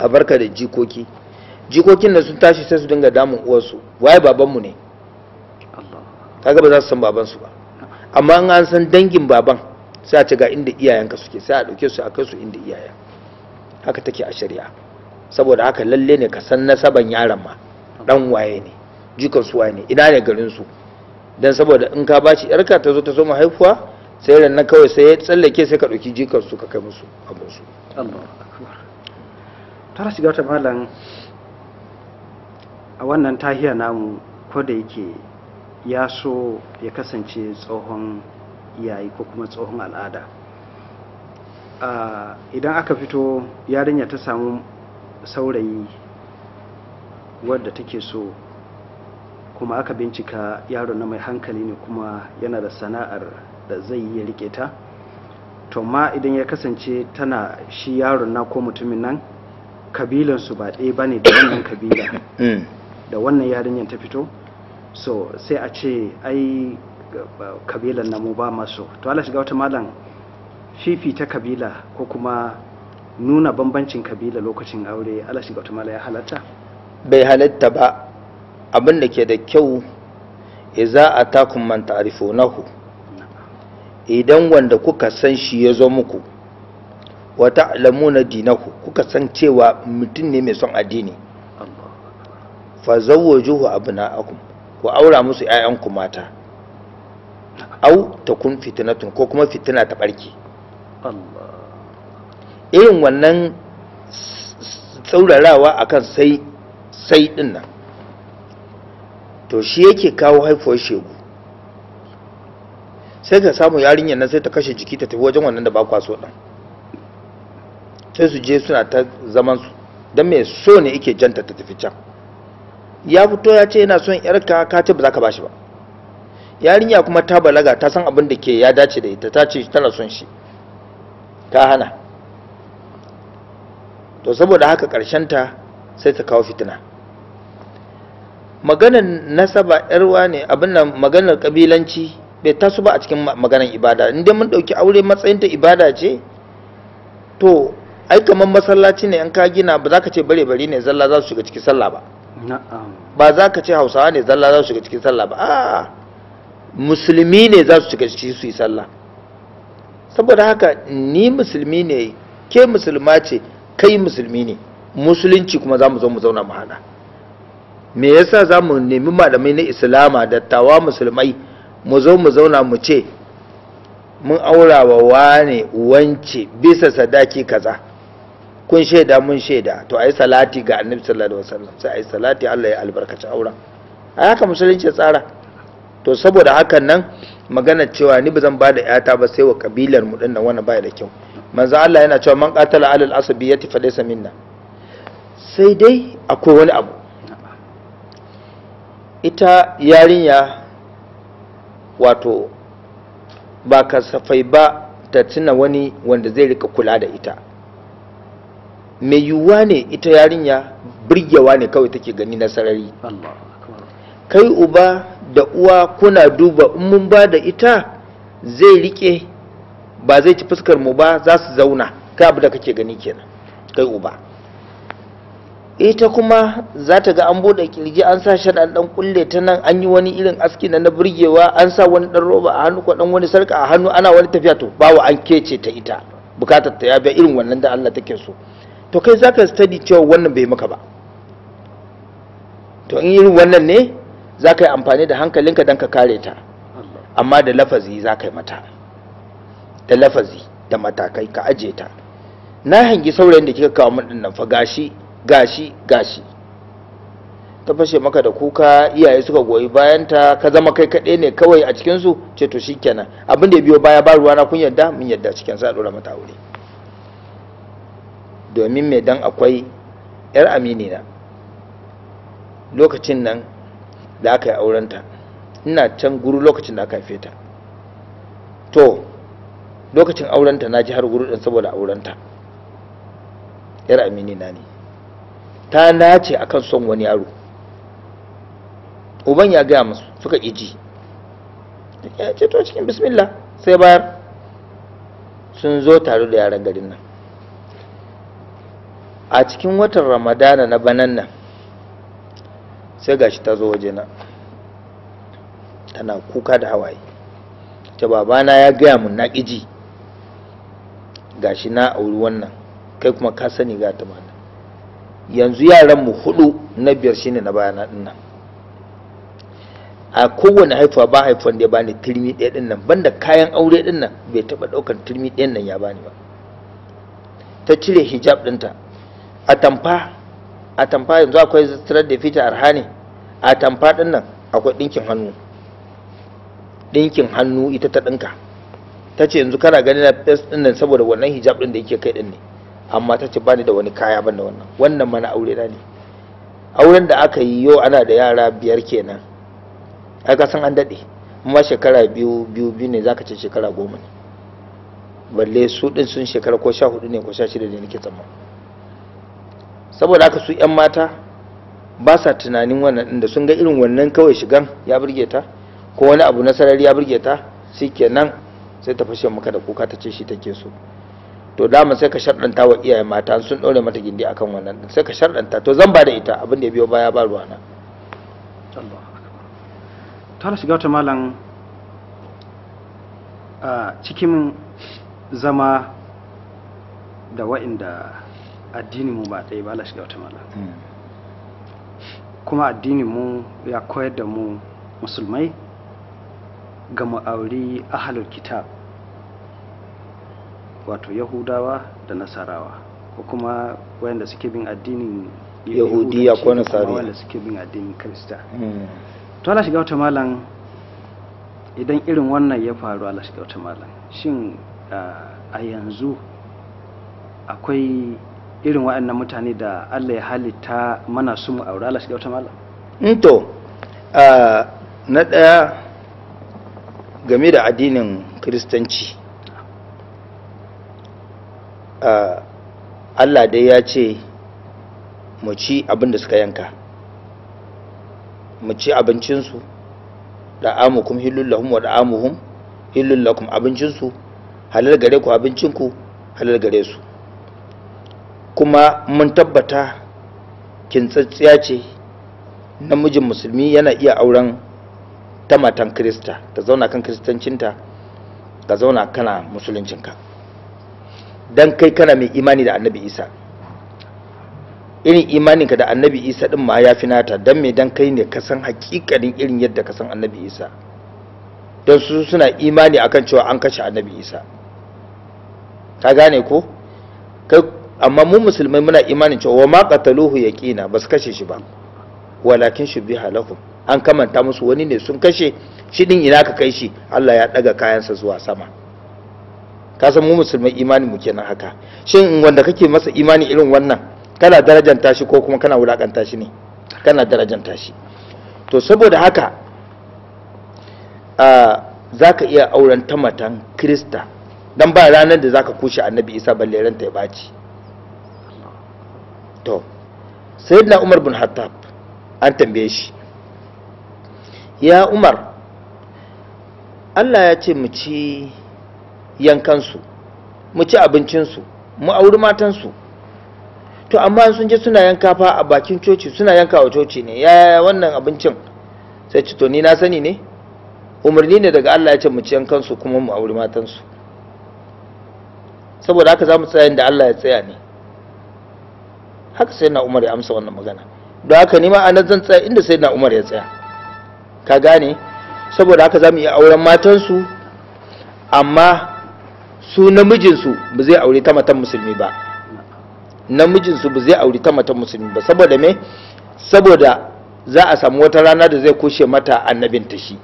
a barka da jikoki jikokin da sun tashi sai su dinga damun uwarsu waye babanmu ne kaga ba za su san babansu ba amma in an san dangin baban sai a ci ga inda iyayenka suke sai a ɗauke su a kai su inda iyayen haka take a shari'a saboda haka lalle ne ka san nasaban yaron ma dan waye ne jikon su waye ne ina ne garin su dan saboda in ka bashi yarka ta zo ta zo haifuwa sai ran na kawai sai ya tsallake sai ka ɗauki jikon su ka kai musu abin su tara shiga wata malam a wannan tahiya namu ko da yake ya so ya kasance tsohon yayi ko kuma tsohon al'ada idan aka fito yarinya ta samu saurayi wadda take so kuma aka bincika yaro na mai hankali ne kuma yana da sana'ar da zai yi rike ta to ma idan ya kasance tana shi yaron na ko mutumin nan kabilansu ba ɗaya bane ne da wannan kabila mm. da wannan yarinyar ta fito so sai a ce ai kabilan namu ba masu to ala shiga wata malam fifita kabila ko kuma nuna bambancin kabila lokacin aure ala shiga wata malam ya halatta bai halatta ba abin da ke da kyau za a takun man nahu idan wanda kuka san shi ya zo muku wata lamuna dinahu kuka san cewa mutum ne mai son addini fa zawwajuhu abna'akum ku aura musu ƴaƴanku mata au ta kun fitnatun ko kuma fitina ta barke irin wannan tsaurarawa akan sai sai din nan to shi yake kawo haifuwar shegu sai ka samu yarinyar nan sai ta kashe jiki ta tafi wajen wannan da ba kwaso ɗan sai su je suna ta zaman su don mai so ne yake janta ta tafi can ya fito ya ce yana son yarka ka ce ba za ka shi ba yarinya kuma ta balaga ta san abin da ke ya dace da ita ta ce tana son shi ka hana to saboda haka ta sai ta kawo fitina maganar nasaba yarwa ne abin nan maganar kabilanci bai taso ba a cikin maganar ibada inda mun ɗauki aure matsayinta ibada ce to ai kamar masallaci ne in ka gina ba za ka ce bare bare ne zalla za su shiga cikin sallah ba ba za ka ce hausawa ne zalla za su shiga cikin sallah ba a musulmi ne za su shiga ciki su yi sallah saboda haka ni musulmi ne ke musulma ce kai musulmi ne musulunci kuma za mu zo mu zauna mu me yasa za mu nemi malamai na islama dattawa musulmai mu zo mu zauna mu ce mun aurawa wa wane wance bisa sadaki kaza kun shaida mun shaida to ayi salati ga annabi sallallahu alaihi wasallam sai ayi salati Allah ya albarkaci auren a haka musulunci ya tsara to saboda hakan nan magana cewa ni bazan zan ba da yata ba sai wa kabilar mu dinnan wannan baya da kyau manzo Allah yana cewa man qatala alal asabiyati fa laysa minna sai dai akwai wani abu ita yarinya wato ba kasafai ba ta tuna wani wanda zai rika kula da ita mai yiwuwa ne ita yarinya birgewa ne kawai take gani na sarari kai uba da uwa kuna duba in mun ba da ita zai rike ba zai ci fuskar mu ba za su zauna kai abu da kake gani kenan kai uba ita kuma za ta ga an buɗe kirji an sa shaɗan ɗan kulle ta nan an yi wani irin aski na na burgewa an sa wani ɗan roba a hannu ko dan wani sarka a hannu ana wani tafiya to bawa an kece ta ita bukatar ta ya bi irin wannan da Allah take so to kai za ka study cewa wannan bai maka ba to in irin wannan ne za ka yi amfani da hankalinka don ka kare ta amma da lafazi za ka yi mata da lafazi da matakai ka aje ta na hangi saurayin da kika kawo min nan fa gashi gashi gashi ta fashe maka da kuka iyaye suka goyi bayan ta ka zama kai kaɗai ne kawai a cikinsu ce to shikenan abin da ya biyo baya ba ruwa na kun yadda mun yadda cikin sa dora mata aure domin mai dan akwai 'yar aminina lokacin nan da aka yi aurenta ina can guru lokacin da aka haife ta to lokacin aurenta na ji har guru ɗin saboda aurenta 'yar aminina ne ta nace akan son wani yaro uban ya gaya musu suka iji ya ce to cikin bismillah sai bayar sun zo tare da yaran garin nan a cikin watan ramadana na banan nan sai gashi ta zo wajena tana kuka da hawaye ta babana ya gaya mun na ƙiji gashi na auri wannan kai kuma ka sani ga ta mana yanzu yaran mu hudu na biyar shine na bayana din a kowane haifuwa ba haifuwan da ya bani turmi ɗaya din nan banda kayan aure din nan bai taɓa ɗaukar turmi ɗayan nan ya bani ba ta cire hijab ɗinta a tamfa a tamfa yanzu akwai zistirar da fita arhani a tamfa din nan akwai ɗinkin hannu ɗinkin hannu ita ta ɗinka ta ce yanzu kana gani na fes din nan saboda wannan hijab din da yake kai din ne amma ta ce bani da wani kaya ban da wannan wannan mana aure na ne auren da aka yi yau ana da yara biyar kenan ai ka san an daɗe amma shekara biyu biyu biyu ne zaka ce shekara goma ne balle su ɗin sun shekara ko sha hudu ne ko sha shida ne nake tsammani saboda haka su 'yan mata ba sa tunanin wannan inda sun ga irin wannan kawai shigan ya burge ta ko wani abu na sarari ya burge ta kenan sai ta fashe maka da kuka ta ce shi take so to dama sai ka sharɗanta wa iyaye mata sun ɗaure mata gindi akan wannan sai ka sharɗanta to zan ba da ita abin da ya biyo baya ba ruwana tara shiga ta malam a cikin zama da wa'inda addini mu ba ɗaya ba Allah shiga wata mala hmm. kuma addini mu ya koyar da mu musulmai ga ma'auri ahalar kitab wato yahudawa da nasarawa ko kuma wayanda suke bin addinin yahudiya ko nasarawa wayanda suke bin addinin krista hmm. to Allah shiga wata malam idan irin wannan ya faru Allah shiga wata malam shin ah, a yanzu akwai irin wa'annan mutane da Allah ya halitta mana su mu aure Allah shi wata mala mm, to na ɗaya game da addinin kiristanci Allah dai ya ce mu ci abin da suka yanka mu ci abincinsu da amukum hillullahum wa da amuhum hillullakum abincinsu halal gare ku abincinku halal gare su kuma mun tabbata kintsatsiya ce namijin musulmi yana iya auren ta matan krista ta zauna kan kristancinta ka zauna kana musuluncinka don kai kana mai imani da annabi isa irin imaninka da annabi isa din ma ya fi nata don me don kai ne ka san hakikanin irin yadda ka san annabi isa don su suna imani akan cewa an kashe annabi isa ka gane ko kai amma mu musulmai muna imanin cewa ma qataluhu yaqina bas kashe shi ba walakin shubiha lahum an kamanta musu wani ne sun kashe shi din ina ka kai shi Allah ya daga kayansa zuwa sama ka san mu musulmai imani mu kenan haka shin wanda kake masa imani irin wannan kana darajanta shi ko kuma kana wulakanta shi ne kana darajanta shi to saboda haka ah, za ka iya auren tamatan krista don ba ranar da za ka kushe annabi isa balle ranta ya ɓaci to sayyidina umar bin hattab an tambaye shi ya umar allah ya ce mu ci yankansu mu ci abincinsu mu auri matansu to amma sun je suna yanka fa a bakin coci suna yanka wa coci ne ya wannan abincin sai ci to ni na sani ne umarni ne daga allah ya ce mu ci yankansu kuma mu auri matansu saboda haka za mu tsaya da allah ya tsaya ne haka sai na umar ya amsa wannan magana don haka ni ma anan zan tsaya inda sai na umar ya tsaya ka gane saboda haka za mu iya auren matansu amma su namijinsu ba zai aure ta matan musulmi ba namijinsu ba zai aure ta matan musulmi ba saboda me saboda za a samu wata rana da zai kushe mata annabin ta shi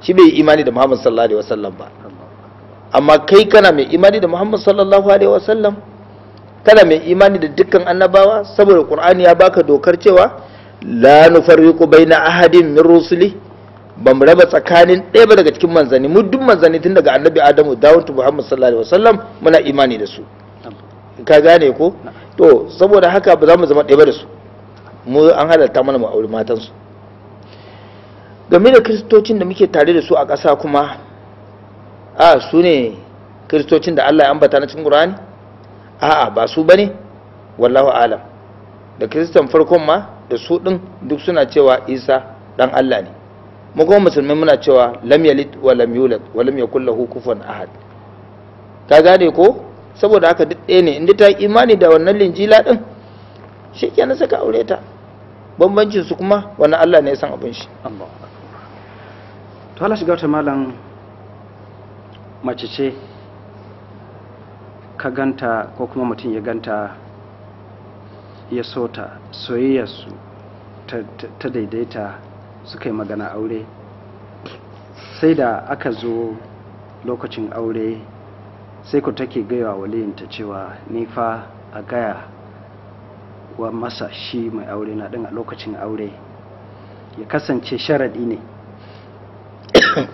shi bai imani da muhammad sallallahu alaihi wasallam ba amma kai kana mai imani da muhammad sallallahu alaihi wasallam kana mai imani da dukkan annabawa saboda qur'ani ya baka dokar cewa la nufarriqu baina ahadin min rusuli ba raba tsakanin ɗaya ba daga cikin manzanni mu duk manzanni tun daga annabi adamu dawun tu muhammad sallallahu alaihi wasallam muna imani da su ka gane ko to saboda haka ba za mu zama ɗaya ba da su mu an halarta mana mu auri matan su game da kristocin da muke tare da su a ƙasa kuma a su ne kristocin da Allah ya ambata na cikin Qur'ani a'a ba su bane wallahu alam da kristan farkon ma da su din duk suna cewa isa dan allah ne mu kuma musulmi muna cewa lam yalid wa lam yulad wa lam yakul lahu kufuwan ahad ka gane ko saboda haka duk ɗaya ne inda ta imani da wannan linjila din na saka aure ta bambancin su kuma wani Allah ne ya san abin shi to Allah shiga ta malam mace ce ka ganta ko kuma mutum ya ganta ya so ta soyayyarsu ta daidaita suka yi magana aure sai da aka zo lokacin aure sai ku take gaiwa waliyinta cewa nifa a gaya wa masa shi mai aure na ɗin a lokacin aure ya kasance sharaɗi ne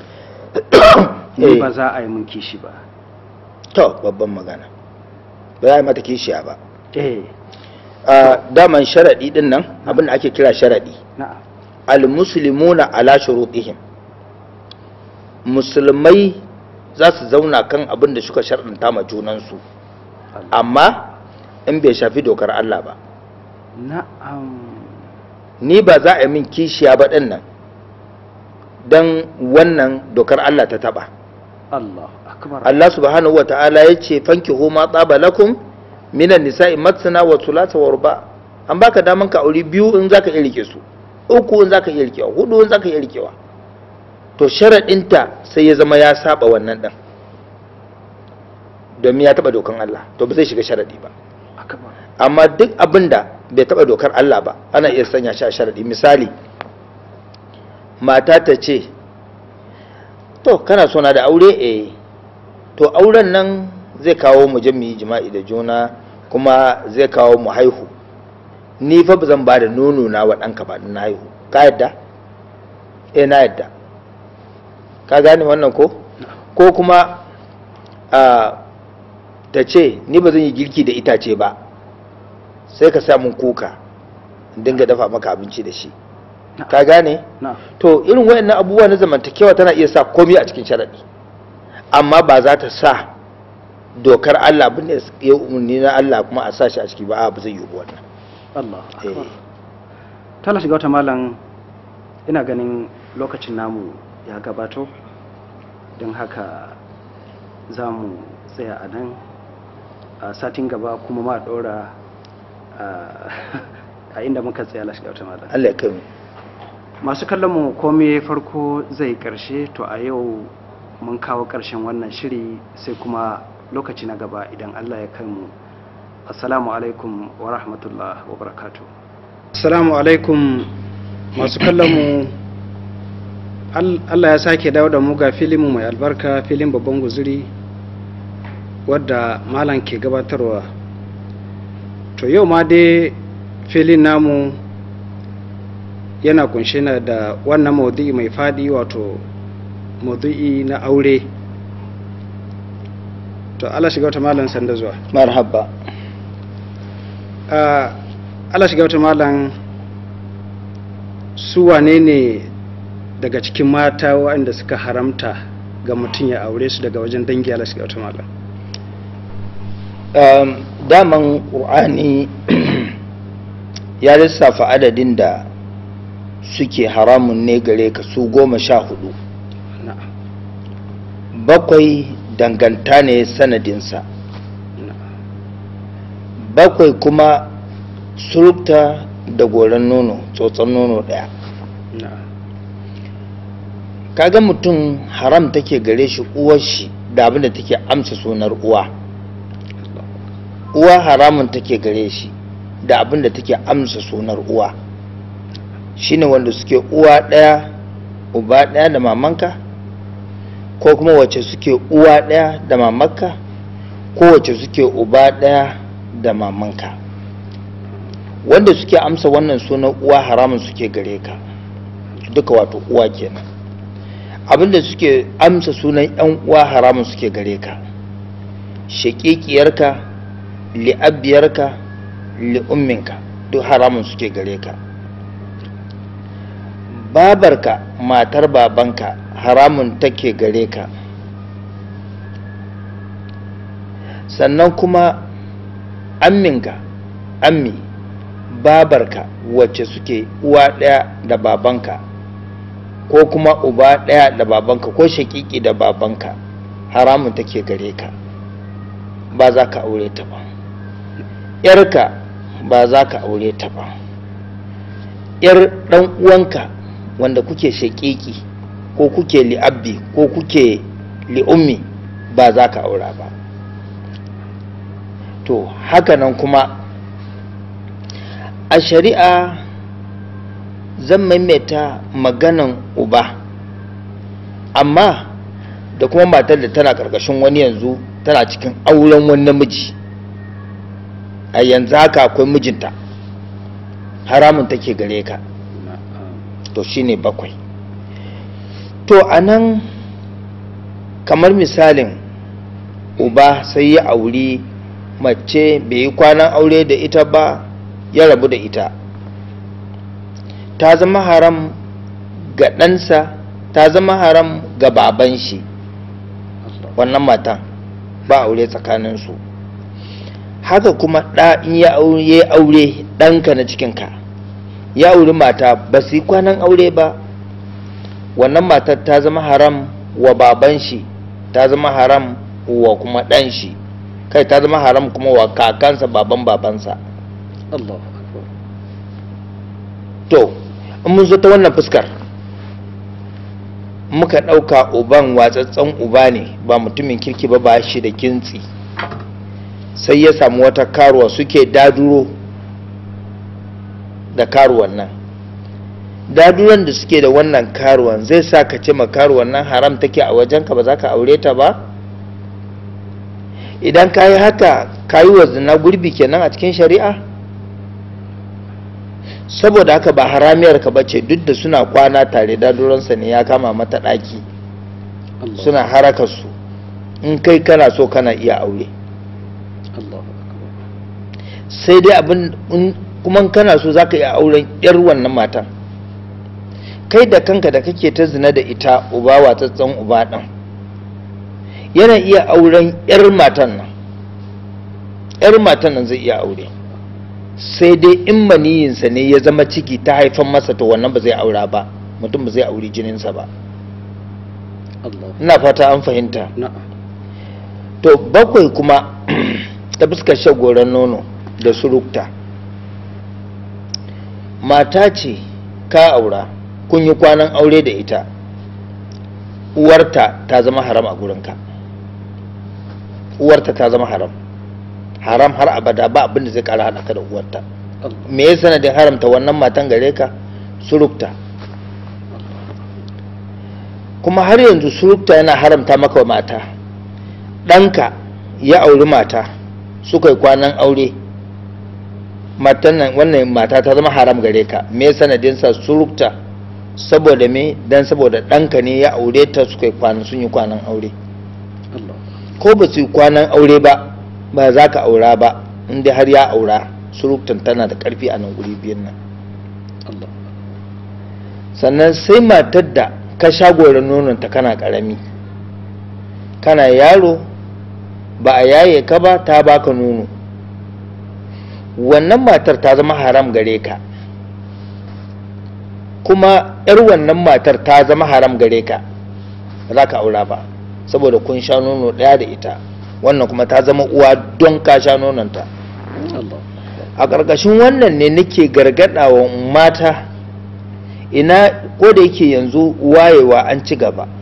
ni ba eh. za a yi mun kishi ba to babban magana ba za a mata kishiya ba eh. daman sharaɗi din nan abin da ake kira sharaɗi al-muslimuna ala shurutihim musulmai za su zauna kan abin da suka sharɗanta ma junansu amma in bai shafi dokar Allah ba na'am ni ba za a yi min kishiya ba ɗin nan don wannan dokar Allah ta taɓa Allah subhanahu wa ta'ala ya ce fanki homa tsaba lakum minan nisa'i matsina wa tulata wa ruba an baka daman ka auri biyu in zaka iya rike su uku in zaka iya rikewa hudu in zaka iya rikewa to sharadinta sai ya zama ya saba wannan ɗan, domin ya taba dokan Allah to ba zai shiga sharadi ba amma duk abinda bai taba dokar Allah ba ana iya sanya shi a sharadi misali mata ta ce to kana so da aure eh to auren nan zai kawo mu je jima'i da juna kuma zai kawo mu haihu ni fa ba zan ba da nono na wa ɗanka ba na haihu ka yadda eh na yadda ka gane wannan ko ko kuma a ta ce ni ba zan yi girki da itace ba sai ka samun kuka dinga dafa maka abinci da shi ka gane to irin wayannan abubuwa na zamantakewa tana iya sa komai a cikin sharaɗi amma ba za ta sa dokar Allah abin da ya umarni na Allah kuma a sa shi a ciki ba a ba zai yi wannan Allah eh. tana shiga wata malam ina ganin lokacin namu ya gabato don haka za mu tsaya a nan a satin gaba kuma ma ɗora a inda muka tsaya lashe wata malam Allah ya kai mu masu kallon mu komai farko zai karshe to a yau mun kawo karshen wannan shiri sai kuma lokaci na gaba idan allah ya kai mu assalamu alaikum wa rahmatullah wa barakatu assalamu alaikum masu kallon mu allah ya sake dawo da mu ga filin mai albarka filin babban guzuri wadda malam ke gabatarwa to yau ma dai filin namu yana kunshe na da wannan maudu'i mai fadi wato maudu'i na aure to Allah shiga wata malam sanda zuwa marhaba ah, Allah shiga wata malam su wane ne daga cikin mata waɗanda suka haramta ga mutum ya aure su daga wajen dangi Allah shiga wata malam um, daman ƙur'ani ya lissafa adadin da suke haramun ne gare ka su goma sha hudu bakwai danganta ne sanadinsa bakwai kuma surukta da goron nono tsotson nono daya kaga mutum haram take gare shi uwar shi da abinda take amsa sunar uwa uwa haramun take gare shi da abinda take amsa sunar uwa shine wanda suke uwa ɗaya uba ɗaya da mamanka ko kuma wace suke uwa ɗaya da mamanka ko wace suke uba ɗaya da mamanka wanda suke amsa wannan sunan uwa haramun suke gare ka duka wato uwa kenan abinda suke amsa sunan yan uwa haramun suke gare ka shaƙiƙiyarka liabiyarka li'umminka duk haramun suke gare ka babarka matar babanka haramun take gare ka sannan kuma amminka ammi babarka wacce suke uwa ɗaya da babanka ko kuma uba ɗaya da babanka ko shakiki da babanka haramun take gare ka ba za ka aure ta ba ‘yarka ba za ka aure ta ba ‘yar ɗan uwanka wanda kuke shaƙiƙi ko kuke li'abbi ko kuke li'ummi ba za ka aura ba to hakanan kuma a shari'a zan maimaita maganan uba amma da kuma matar da tana ƙarƙashin wani yanzu tana cikin auren wani namiji a yanzu haka akwai mijinta haramun take gare ka to shine bakwai to a nan kamar misalin uba sai ya auri mace bai yi kwanan aure da ita ba ya rabu da ita ta zama haram ga ɗansa ta zama haram ga baban shi wannan matan ba aure tsakaninsu haka kuma ɗa in ya aure ɗanka na cikinka ya auri mata ba su yi kwanan aure ba wannan matar ta zama haram wa baban shi ta zama haram wa kuma ɗan shi kai ta zama haram kuma wa kakansa baban babansa to in mun zo ta wannan fuskar muka ɗauka uban watsatsan uba ne ba mutumin kirki ba ba shi da kintsi sai ya samu wata karuwa suke daduro da karuwan nan daduran da suke da wannan karuwan zai sa ka ce ma karuwan nan haram take a wajenka ba za ka aure ta ba idan ka yi haka ka yi wazina gurbi kenan a cikin shari'a saboda haka ba haramiyar ka ce, duk da suna kwana tare daduransa ne ya kama mata ɗaki suna harakarsu in kai kana so kana iya aure sai dai abin kuma kana so za ka iya auren yar wannan matan kai da kanka da kake ta zina da ita uba watsatsan uba ɗan yana iya auren yar matan nan yar matan nan zai iya aure sai dai in maniyinsa ne ya zama ciki ta haifan masa to wannan ba zai aura ba mutum ba zai auri jininsa ba ina fata an fahimta to bakwai kuma ta fuskar shagoran nono da surukta mata ce ka aura kun yi kwanan aure da ita uwarta ta zama haram a gurinka uwarta ta zama haram haram har abada ba abin da zai kara hada ka da uwarta me ya sanadin haramta wannan matan gare ka surukta kuma har yanzu surukta yana haramta maka mata ɗanka ya auri mata suka yi kwanan aure matan nan wannan mata ta zama haram gare ka me sanadin sa surukta saboda me dan saboda ɗanka ne ya aure ta su kai kwanan sun yi kwanan aure ko ba su yi kwanan aure ba ba za ka aura ba inda har ya aura suruktan tana da ƙarfi a nan guri biyun nan sannan sai matar da ka sha nonon ta kana ƙarami kana yaro ba a yaye ka ba ta baka nono wannan matar ta zama haram gare ka kuma 'yar wannan matar ta zama haram gare ka za ka aura ba saboda kun sha nono ɗaya da ita wannan kuma ta zama uwa don ka sha nononta a ƙarƙashin wannan ne nake gargaɗawa mata ina ko da yake yanzu wayewa an ci gaba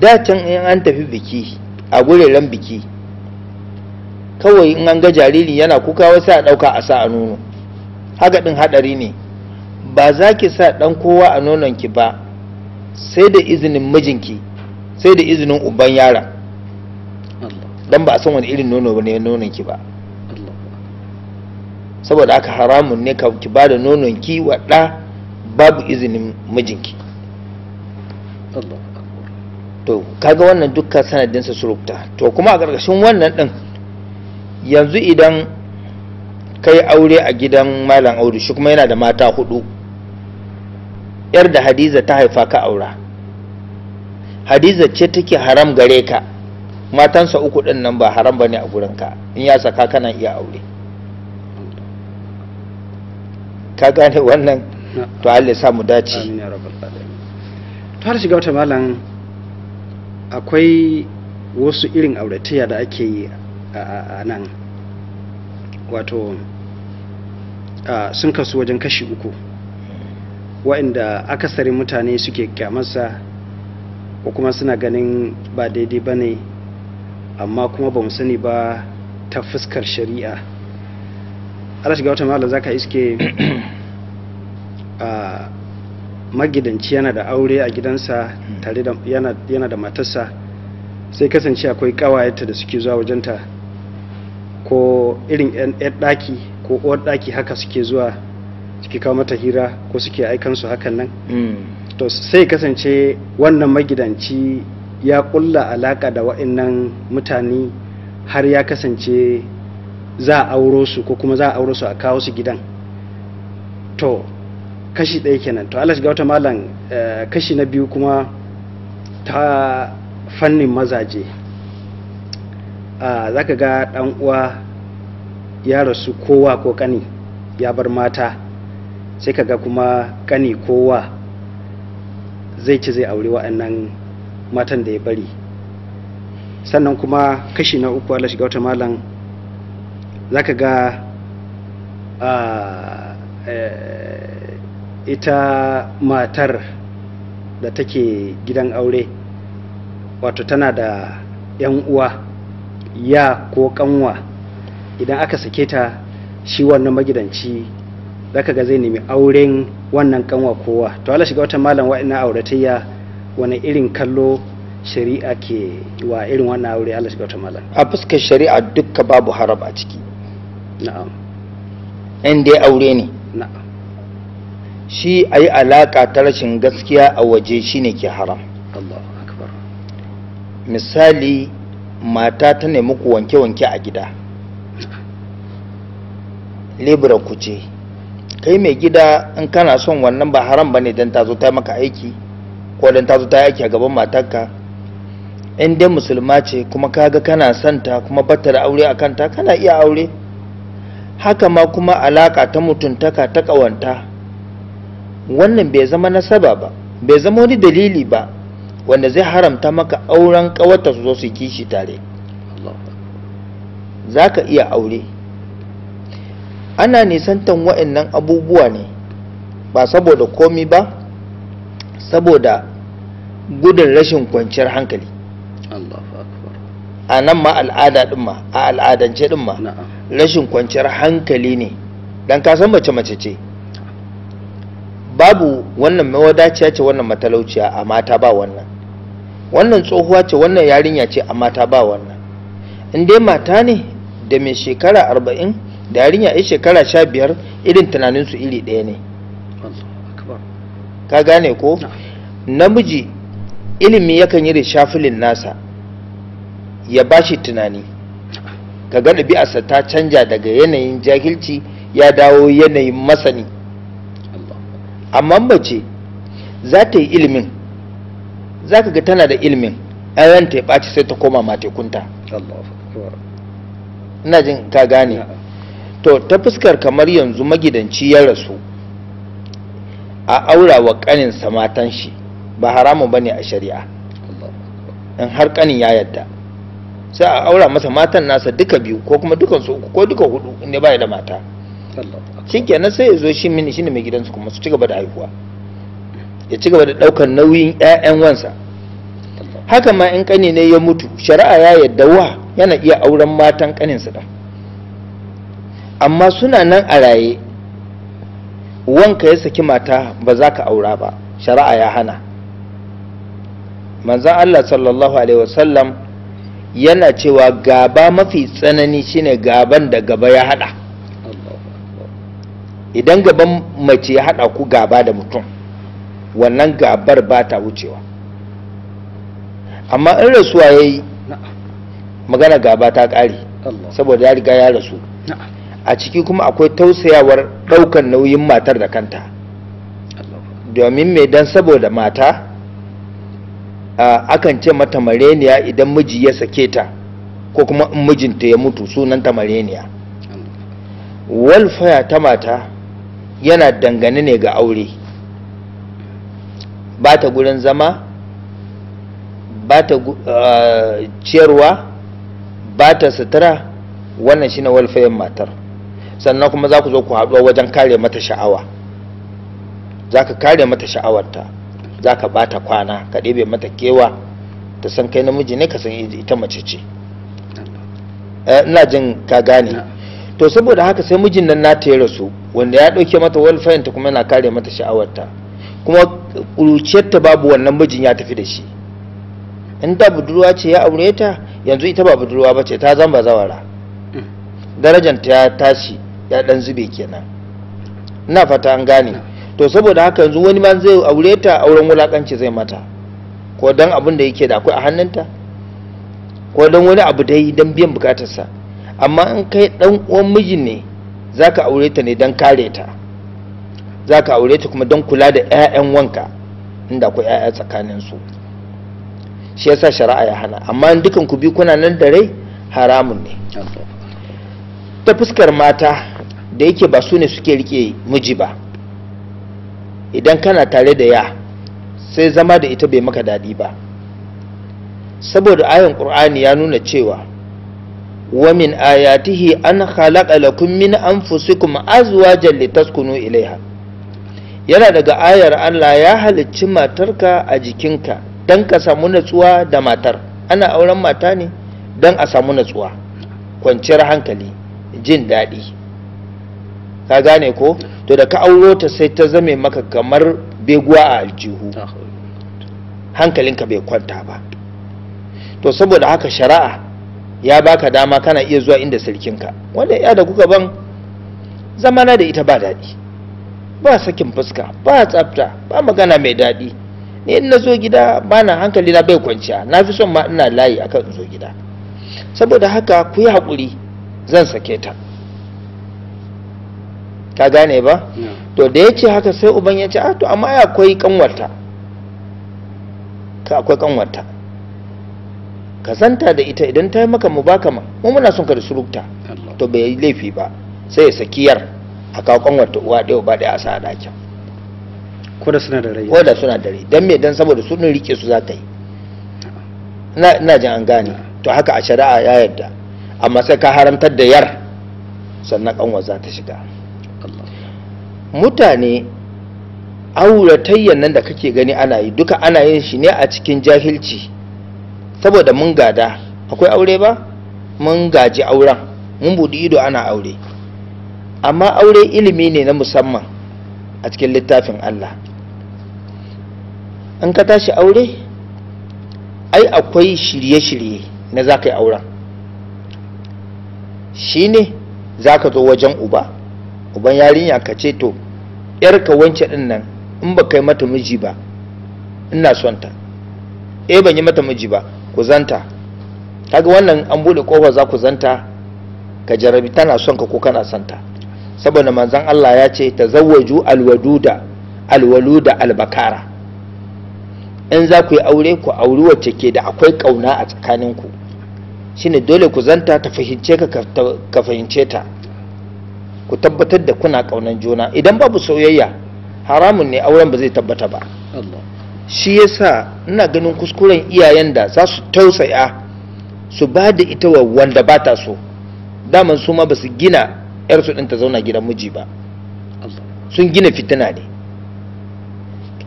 Da can in an tafi biki a guraren biki kawai in an ga jariri yana kuka wasu a ɗauka a sa a nono haka ɗin haɗari ne ba za ki sa ɗan kowa a nononki ba sai da izinin mijinki sai da izinin uban yara don ba a san wani irin nono ne nononki ba saboda aka haramun ne ka ki ba da nononki wa ɗa babu izinin mijinki to kaga wannan dukkan sanadinsa surukta to kuma a ƙarƙashin wannan ɗin yanzu idan kai aure a gidan malam audu shi kuma yana da mata hudu yar da hadiza ta haifa ka aura hadiza ce take haram gare ka matansa uku din nan ba haram bane a gurinka in ya saka kana iya aure ka gane wannan to Allah sa mu dace to har shiga wata malam akwai wasu irin auratayya da ake yi a nan wato sun kasu wajen kashi uku wa'inda akasarin mutane suke kyamarsa ko kuma suna ganin ba daidai ba ne amma kuma ba mu sani ba ta fuskar shari'a ala shiga wata ma'ala za ka iske a magidanci yana da aure a gidansa tare da yana da matarsa sai kasance akwai kawayenta da suke zuwa wajenta ko irin 'yan ɗaki ko uwar ɗaki haka suke zuwa suke kawo mata hira ko suke aikansu hakan nan mm. to sai kasance wannan magidanci ya kulla alaka da wa'annan mutane har ya kasance za a auro su ko kuma za a auro su a kawo su gidan to kashi ɗaya kenan to ga wata malam eh, kashi na biyu kuma ta fannin mazaje za ka ga ɗan uwa ya rasu kowa ko kani ya bar mata sai ka ga kuma kani kowa zai ci zai aure waɗannan matan da ya bari sannan kuma kashi na uku ala shiga wata malam za ka ga e, ita matar da take gidan aure wato tana da 'yan uwa ya ko kanwa idan aka sake ta shi wannan magidanci zaka ga zai nemi auren wannan kanwa kowa to Allah shiga wata malam ina auratayya wani irin kallo shari'a ke wa irin wannan aure Allah shiga wata malam a fuskar shari'a dukka babu harab a ciki na'am in dai aure ne na'am shi a yi alaƙa ta rashin gaskiya a waje shine ke haram misali mata ta nemi ku wanke-wanke a gida Lebura ku ce kai mai gida in kana son wannan ba haram ba ne don ta zo ta maka aiki ko don ta zo ta aiki a gaban matarka in dai musulma ce kuma kaga kana santa kuma bata aure a kanta kana iya aure haka ma kuma alaka ta mutuntaka ta kawanta wannan bai zama nasaba ba bai zama wani dalili ba wanda zai haramta maka auren kawarta su zo su kishi tare za ka iya aure ana nisantan wa'annan abubuwa ne ba saboda komi ba saboda gudun rashin kwanciyar hankali a nan ma al'ada din ma a al'adance din ma rashin kwanciyar hankali ne don kasan mace mace ce babu wannan mawadaciya ce wannan matalauciya a mata ba wannan wannan tsohuwa ce wannan yarinya ce amma ta ba wannan in dai mata ne da mai shekara arba'in da yarinya ya shekara sha biyar irin tunaninsu iri ɗaya ne ka gane ko namiji ilimi yakan yi shafilin nasa ya ba shi tunani ka ga ɗabi'arsa ta canja daga yanayin jahilci ya dawo yanayin masani amma mace za ta yi ilimin za ka ga tana da ilimin an ta ya ɓaci sai ta koma matekunta ina jin ka gane to ta fuskar kamar yanzu magidanci ya rasu a aura wa ƙanin samatan shi ba haramun ba ne a shari'a in har ƙanin ya yadda sai a aura masa matan nasa duka biyu ko kuma dukansu uku ko duka hudu inda ba da mata shi kenan sai ya zo shi mini shi ne mai gidansu kuma su ci gaba da haihuwa ya ci gaba da ɗaukar nauyin 'ya'yan wansa haka ma in ƙani ne ya mutu shari'a ya yadda wa yana iya auren matan ƙaninsa ɗan amma suna nan a raye wanka ya saki mata ba za ka aura ba shari'a ya hana manzan allah sallallahu alaihi wasallam yana cewa gaba mafi tsanani shine gaban da gaba ya hada idan gaban mace ya hada ku gaba da mutum wannan gabar ba ta wucewa amma in rasuwa ya yi magana gaba ta ƙare saboda ya riga ya rasu a ciki kuma akwai tausayawar ɗaukar nauyin matar da kanta domin mai dan saboda mata akan ce mata mareniya idan miji ya sake ta ko kuma in mijinta ya mutu sunanta mareniya walfaya ta mata yana dangane ne ga aure ba ta gurin zama ba ta ciyarwa ba ta sutura wannan shine walfayin matar sannan kuma za ku zo ku haɗuwa wajen kare mata sha'awa za ka kare mata sha'awarta za ka ba ta kwana ka ɗebe mata kewa ta san kai namiji ne ka san ita mace ce eh, ina jin ka gane to saboda haka sai mijin nan nata ya rasu wanda ya ɗauke mata walfayin ta kuma yana kare mata sha'awarta kuma ƙuruciyarta babu wannan mijin ya tafi da shi in ta budurwa ce ya aure ta yanzu ita ba budurwa ba ce ta zamba zawara darajanta ya tashi ya dan zube kenan ina fata an gane to saboda haka yanzu wani ma zai aure ta auren wulakanci zai mata ko dan abin da yake da akwai a hannunta ko dan wani abu dai dan biyan bukatarsa amma in kai dan uwan mijin ne zaka aure ta ne dan kare ta za ka aure ta kuma don kula da 'ya'yan wanka inda akwai 'ya'ya tsakanin su shi yasa shari'a ya hana amma dukan ku bi kuna nan da rai haramun ne ta fuskar mata da yake ba su ne suke rike miji ba idan kana tare da ya sai zama da ita bai maka daɗi ba saboda ayan ƙur'ani ya nuna cewa wa min ayatihi an khalaqa lakum min anfusikum azwajan litaskunu ilaiha yana daga ayar Allah ya halicci matarka a jikinka don ka samu natsuwa da matar ana auren mata ne don a samu natsuwa kwanciyar hankali jin daɗi ka gane ko to da ka auro ta sai ta zame maka kamar beguwa a aljihu hankalinka bai kwanta ba to saboda haka shari'a ya baka dama kana iya zuwa inda sarkinka wanda ya da kuka ban zamana da ita ba daɗi ba sakin fuska ba tsafta ba magana mai daɗi ni in na zo gida ba na hankali na bai kwanciya na fi son ma ina layi akan in zo gida saboda haka ku yi haƙuri zan sake ta ka gane ba to da ya ce haka sai uban ya ce a ah, to amma akwai kanwarta ka akwai kanwarta ka zanta da ita idan ta yi maka mu baka ma mu muna son ka da surukta to bai yi laifi ba sai ya sakiyar a kawo kanwarta uwa ɗaya ba ɗaya a sa a ɗakin ko da suna da rai ko da suna da rai don me don saboda su rike su za ta yi ina jin an gane to haka a shari'a ya yarda amma sai ka haramtar da yar sannan kanwar za ta shiga mutane auratayyan nan da kake gani ana yi duka ana yin shi ne a cikin jahilci saboda mun gada akwai aure ba mun gaji auren mun buɗi ido ana aure amma aure ilimi ne na musamman a cikin littafin Allah In ka tashi aure ai akwai shirye-shirye na za ka yi auren shi ne za ka zo wajen uba uban yarinya ka ce to ka wance din nan in ba kai mata miji ba ina son ta eh ban yi mata miji ba ku zanta kaga wannan an buɗe kofar za ku zanta ka jarabi tana son ka ko kana son ta saboda manzan Allah ya ce ta zawaju alwaduda alwaluda albakara in za ku yi aure ku auri wacce ke da akwai ƙauna a tsakaninku shine dole ku zanta ta fahimce ka ka fahimce ta ku tabbatar da kuna kaunan juna idan babu soyayya haramun ne auren ba zai tabbata ba shi yasa ina ganin kuskuren iyayen da za su tausaya su ba da ita wa wanda ba ta so daman su ma ba su gina su ɗin ta zauna gidan miji ba sun gina fitina ne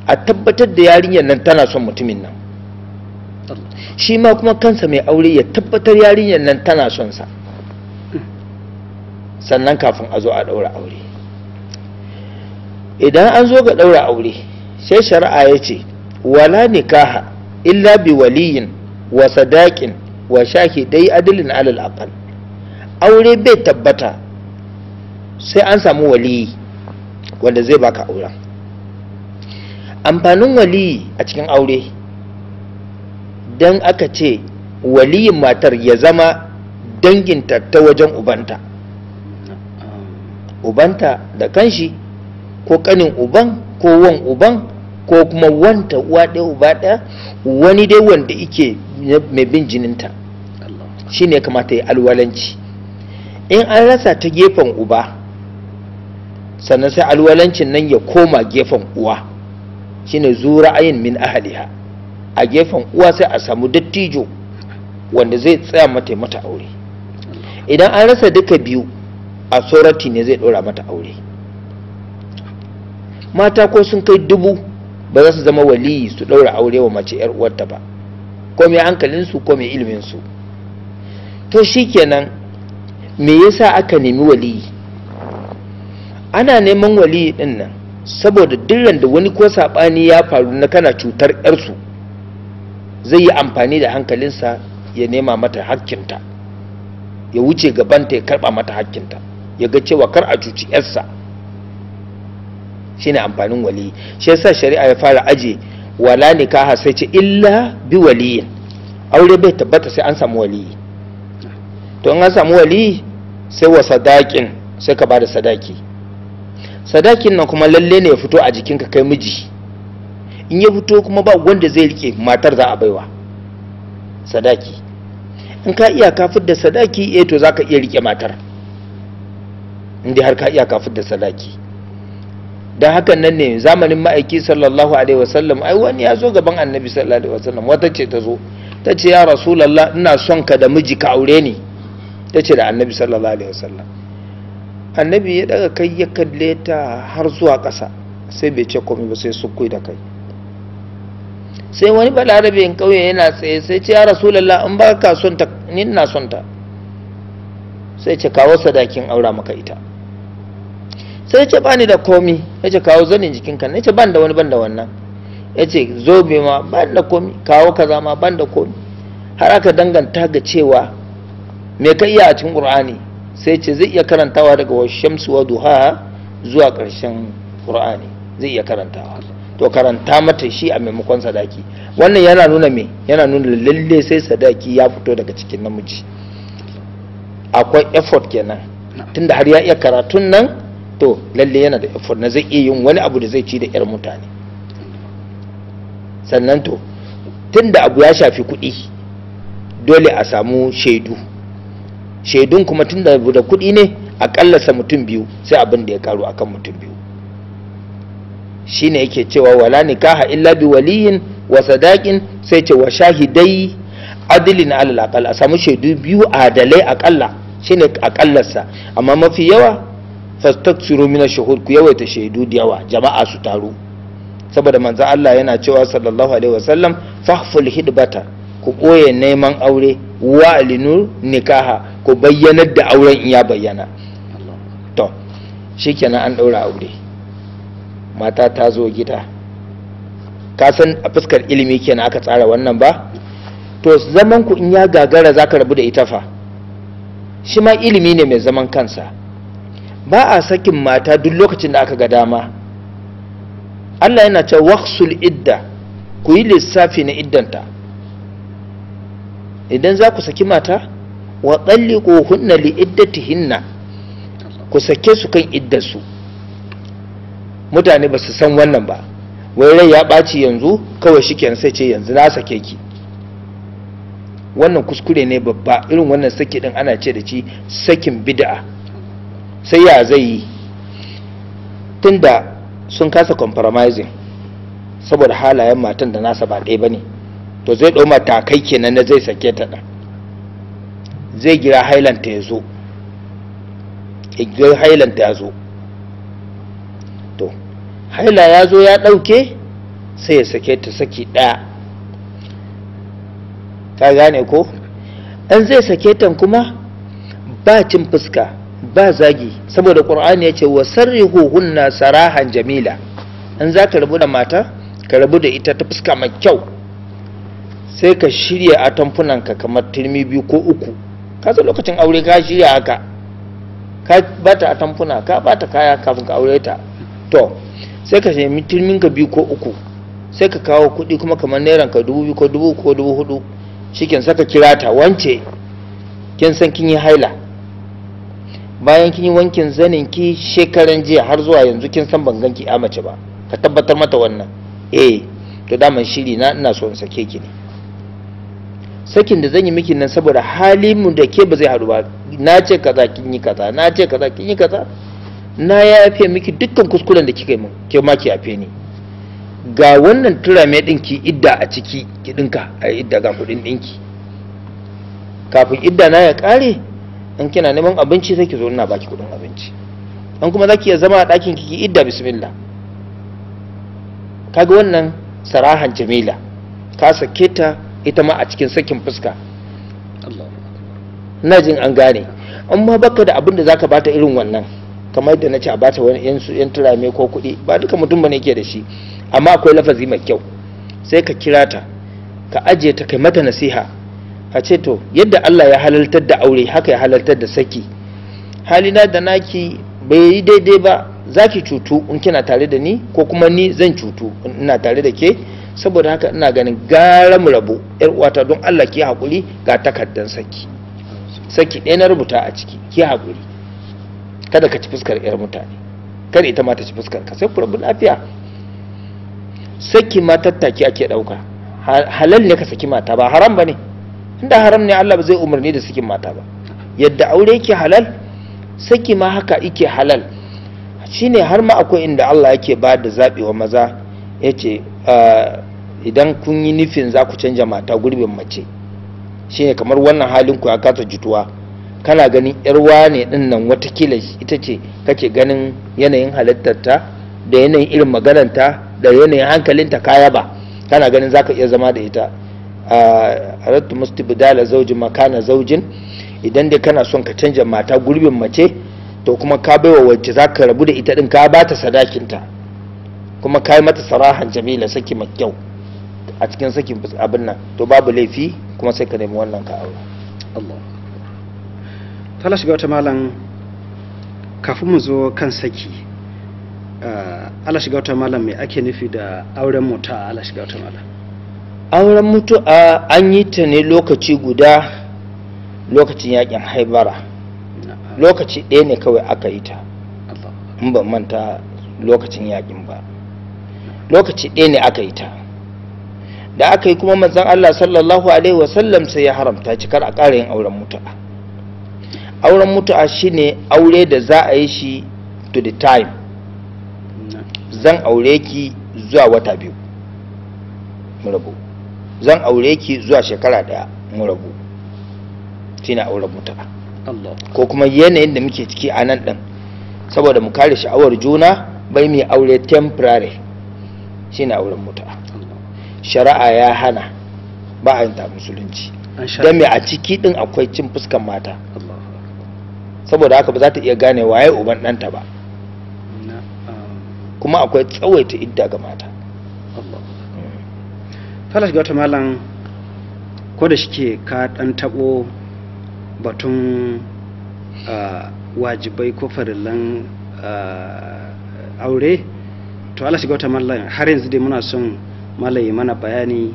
a tabbatar da yarinyar nan tana son mutumin nan shi ma kuma kansa mai aure ya tabbatar yarinyar nan tana son sa sannan kafin a zo a ɗaura aure idan an zo ga ɗaura aure sai shari'a ya ce wala nikaha illa bi waliyin wa sadaƙin wa shahidai adilin alal aqal aure bai tabbata sai an samu waliyi wanda zai baka auren amfanin waliyi a cikin aure don aka ce waliyin matar ya zama danginta ta wajen ubanta ubanta da kanshi ko kanin uban ko wan uban ko kuma wanta uwa ɗaya uba ɗaya wani dai wanda ike mai bin jininta shi ne kamata ya alwalanci in an rasa ta gefen uba sannan sai alwalancin nan ya koma gefen uwa shine zu ra'ayin min ahliha a gefen uwa sai a samu dattijo wanda zai tsaya mata mata aure idan an rasa duka biyu a sorati ne zai dora mata aure mata ko sun kai dubu ba za su zama waliyi su daura aure wa mace yar uwarta ba ko mai hankalinsu ko mai su to shi shikenan me yasa aka nemi waliyi ana neman waliyi din nan saboda dillan da wani ko saɓani ya faru na kana cutar yarsu zai yi amfani da hankalinsa ya nema mata hakkinta ya wuce gabanta ya karɓa mata hakkinta ya ga cewa kar a cuci ƴarsa shine amfanin waliyi shi yasa shari'a ya fara aje wala nikaha sai ce illa bi waliyin aure bai tabbata sai an samu waliyi to in an samu waliyi sai wa sadakin sai ka bada sadaki sadakin nan kuma lalle ne ya fito a jikinka kai miji in ya fito kuma ba wanda zai rike matar za a baiwa sadaki in ka iya kafin da sadaki eh to za ka iya rike matar inda har ka iya kafin da sadaki don hakan nan ne zamanin ma'aiki sallallahu alaihi wasallam ai wani ya zo gaban annabi sallallahu alaihi wasallam wata ce ta zo ta ce ya rasulallah ina son ka da miji ka aure ni ta ce da annabi sallallahu alaihi wasallam annabi ya daga kai ya kalle ta har zuwa ƙasa sai bai ce komai ba sai kai da kai sai wani balarabe in kauye yana tsaye sai ce ya rasulallah in baka ka son ta ni ina son ta sai ce kawo sadakin aura maka ita sai ce bani da komi ya ce kawo zanin jikinka ne ce ban da wani ban da wannan ya ce zobe ma ban da komi kawo kaza ma ban da komi har aka danganta ga cewa me ka iya a cikin qur'ani sai ce zai iya karantawa daga wa shamsu wa duha zuwa ƙarshen Ƙur'ani. zai iya karantawa to karanta mata shi a maimakon sadaki wannan yana nuna me yana nuna lalle sai sadaki ya fito daga cikin namiji akwai effort kenan tunda har ya iya karatun nan to lalle yana da effort na zai iya yin wani abu da zai ci da yar mutane sannan to tunda abu ya shafi kuɗi dole a samu shaidu shaidun kuma tun da kuɗi ne akallasa mutum biyu sai abin da ya karu kan mutum biyu Shi ne yake cewa wala nikaha illa bi waliyin wa sadaƙin sai ce wa shahidai adilin alal a samu shaidu biyu adalai shi ne akallarsa amma mafi yawa fastaksiru min shuhud ku yawaita shaidu da yawa jama'a su taru saboda manza Allah yana cewa sallallahu alaihi wasallam fahful hidbata ku ɓoye neman aure wa alinu nikaha ku bayyanar da auren ya bayyana to kenan an ɗaura aure mata ta zo gida ka san a fuskar ilimi kenan aka tsara wannan ba to zaman ku in ya gagara za ka rabu da ita fa shi ma ilimi ne mai zaman kansa ba a sakin mata duk lokacin da aka ga dama Allah yana ce waksul idda ku yi lissafi na iddanta idan za ku saki mata wa ɗalliko hunna li iddatihinna ku sake su kan iddarsu mutane ba su san wannan ba wai rai ya ɓaci yanzu kawai shi sai ce yanzu na sake ki wannan kuskure ne babba irin wannan saki din ana ce da ci sakin bid'a sai ya zai yi tunda sun kasa compromising saboda halayen matan da nasa ba ɗaya ba ne to zai ɗau matakai kenan na zai sake ta ɗan zai gira hailanta ya zo ya hailanta ya zo to haila ya zo ya ɗauke sai ya sake ta saki ɗaya ta gane ko ɗan zai sake ta kuma ba cin fuska ba zagi saboda ƙur'ani ya ce wa sarrihu hunna sarahan jamila in za ka rabu da mata ka rabu da ita ta fuska mai kyau sai ka shirya atamfunanka kamar turmi biyu ko uku ka san lokacin aure ka shirya haka ka bata atamfuna ka bata kaya kafin ka aure ta to sai ka nemi turmin ka biyu ko uku sai ka kawo kuɗi kuma kamar nairan ka dubu biyu ko dubu ko dubu hudu shikin saka kira ta wance kin san kin yi haila bayan kin yi wankin zanin ki shekaran jiya har zuwa yanzu kin san ban ganki a mace ba ka tabbatar mata wannan eh to daman shiri na ina so in sake ki ne sakin da zan yi miki nan saboda halin mu da ke ba zai haɗu ba na ce kaza kin yi kaza na ce kaza kin yi kaza na yafe miki dukkan kuskuren da kika yi mun ke ma ki yafe ni ga wannan turame din ki idda a ciki ki dinka a idda ga kudin dinki kafin idda na ya kare in kina neman abinci sai ki zo ina baki kudin abinci an kuma zaki ya zama a ɗakin ki idda bismillah kaga wannan sarahan jamila ka sake ta ita ma a cikin sakin fuska na jin an gane amma baka da abin da zaka bata irin wannan kamar da na ce a bata wani yan turame ko kuɗi ba duka mutum bane ke da shi amma akwai lafazi mai kyau sai ka kira ta ka ajiye ta kai mata nasiha ka ce to yadda Allah ya halaltar da aure haka ya halaltar da saki halina da naki bai yi daidai ba zaki cutu in kina tare da ni ko kuma ni zan cutu ina tare da ke saboda haka ina ganin gara mu rabu yar uwata don Allah ki hakuri ga takardan saki saki ɗaya na rubuta a ciki ki hakuri kada ka ci fuskar yar mutane kada ita ma ta ci fuskar ka sai ku rabu lafiya saki ma tattaki ake ɗauka halal ne ka saki mata ba haram ba ne inda haram ne Allah ba zai umarni da sakin mata ba yadda aure yake halal saki ma haka yake halal shine har ma akwai inda Allah yake ba da zaɓi wa maza ya ce ah, idan kun yi nufin za ku canja mata gurbin mace shine kamar wannan halin ku ya kasa jituwa kana ganin yarwa ne din nan watakila ita ce kake ganin yanayin halittarta da yanayin irin magananta da yanayin hankalinta kaya ba kana ganin za ka iya zama da ita a ah, musti budala zaujin makana zaujin idan dai kana son ka canja mata gurbin mace to kuma ka bai wa wacce za ka rabu da ita din ka ba ta sadakinta kuma ka yi mata sarahan jamila saki mai kyau a cikin sakin abin nan to babu laifi kuma sai ka nemi wannan ka aure Allah tala shiga wata malam kafin mu zo kan saki eh, Allah shiga wata malam mai ake nufi da auren mutu a ala shiga wata malam auren mutu a an yi ta ne lokaci guda lokacin yakin haibara lokaci ɗaya ne kawai aka yi ta in ban manta lokacin yakin ba lokaci ɗaya ne aka yi ta da aka yi kuma manzan Allah sallallahu alaihi wasallam sai ya haramta cikar a ƙara yin auren mutu'a auren mutu'a shine aure da za a yi shi to the time zan aure ki zuwa wata biyu murabu zan aure ki zuwa shekara daya murabu shine auren mutu'a ko kuma yanayin da muke ciki a nan din saboda mu kare sha'awar juna bai mai aure temporary shine auren mutu'a shari'a ya hana ba a yin ta musulunci don me a ciki din akwai cin fuskan mata saboda haka ba za ta iya gane waye uban ɗanta ba kuma akwai tsawaita idda ga mata falas ga wata malam ko da shike ka ɗan taɓo batun wajibai ko farillan aure to ala shiga wata mallan har yanzu dai muna son malayi mana bayani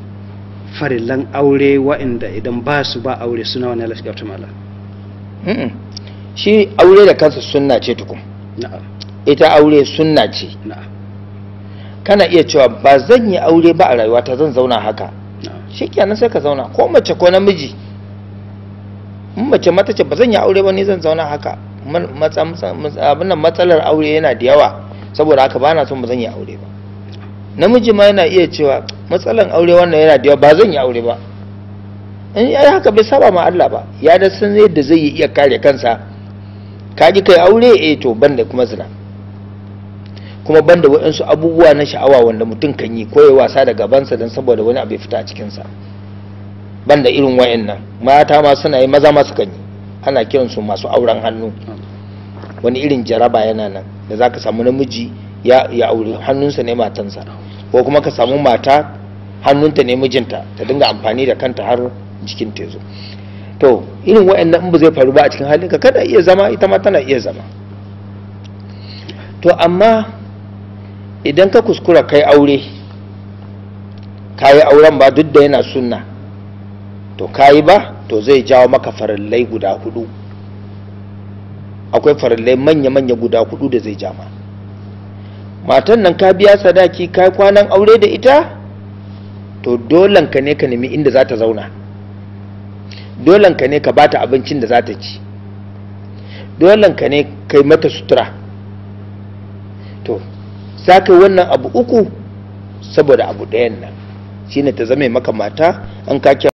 farillan aure wa'inda idan ba su ba aure suna wani lafi gafta mala shi aure da kansa sunna ce tukun ita aure sunna ce kana iya cewa ba zan yi aure ba a rayuwa ta zan zauna haka shi kenan sai ka zauna ko mace ko namiji in mace mata ce ba zan yi aure ba ni zan zauna haka abin matsalar aure yana da yawa saboda haka ba na son ba zan yi aure ba namiji ma yana iya cewa matsalan aure wannan yana da yawa ba zan yi aure ba in ya haka bai saba ma Allah ba ya da san yadda zai yi iya kare kansa ka ji kai aure eh to banda kuma zina kuma banda waɗansu abubuwa na sha'awa wanda mutum kan yi ko ya wasa da gabansa don saboda wani abu ya fita a cikinsa banda irin wayannan mata ma suna yi maza ma su kan yi ana kiransu masu auren hannu wani irin jaraba yana nan da zaka samu namiji ya auri aure hannunsa ne matansa ko kuma ka samu mata hannunta ne mijinta ta dinga amfani da kanta har jikin ta zo to irin wa'annan in ba zai faru ba a cikin halinka kada iya zama ita ma tana iya zama to amma idan ka kuskura kai aure ka yi auren ba duk da yana sunna to ka yi ba to zai jawo maka farallai guda hudu akwai farallai manya-manya guda hudu da zai ma. matan nan ka biya sadaki ka kwanan aure da ita to dolan ka ne ka nemi inda za ta zauna dolan ka ne ka bata abincin da za ta ci dolan ka ne ka yi mata sutura to za ka wannan abu uku saboda abu ɗayan nan shine ta zame maka mata an kake